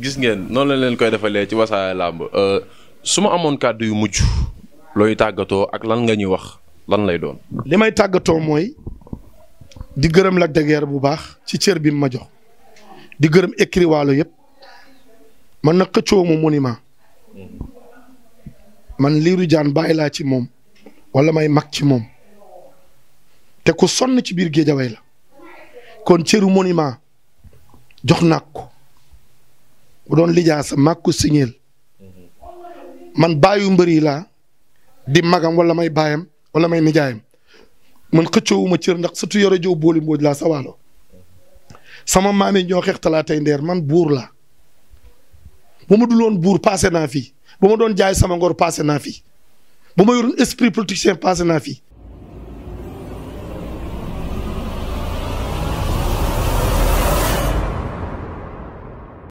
gis ngeen noonu lañ leen koy defalee ci wasaare làmb euh, su ma amoon kàddu yu mujj looyu tàggatoo ak lan nga ñuy wax lan lay doon. li may tàggatoo mooy di gërëm la de Guiers bu baax ci cër bi ma jox di gërëm écrit waalo yëpp man na xëccoo mu monument man liiru Diane bàyyi laa ci moom wala may mag ci moom te ku sonn ci biir géejaway la kon cëru monument jox naa ko bu doon lijaasa mag ko signeel man baayu mbër la laa di magam wala may baayam wala may nijaayam man xëccoowuma cër ndax surtout yore jow booli mbooj laa sawaalo sama maam yi ñoo xeex talaatay ndeer man buur la bu ma dul woon buur passé naa fii bu ma doon jaay sama ngor passé naa fi bu ma yoroon esprit politicien passé naa fii